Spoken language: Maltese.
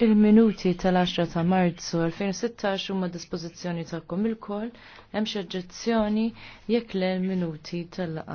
Il-minuti tal-10 ta' Marzu 2016 huma dispożizzjoni tagħkom il-kol hemm xi oġġezzjoni jekk le minuti tal-laqa.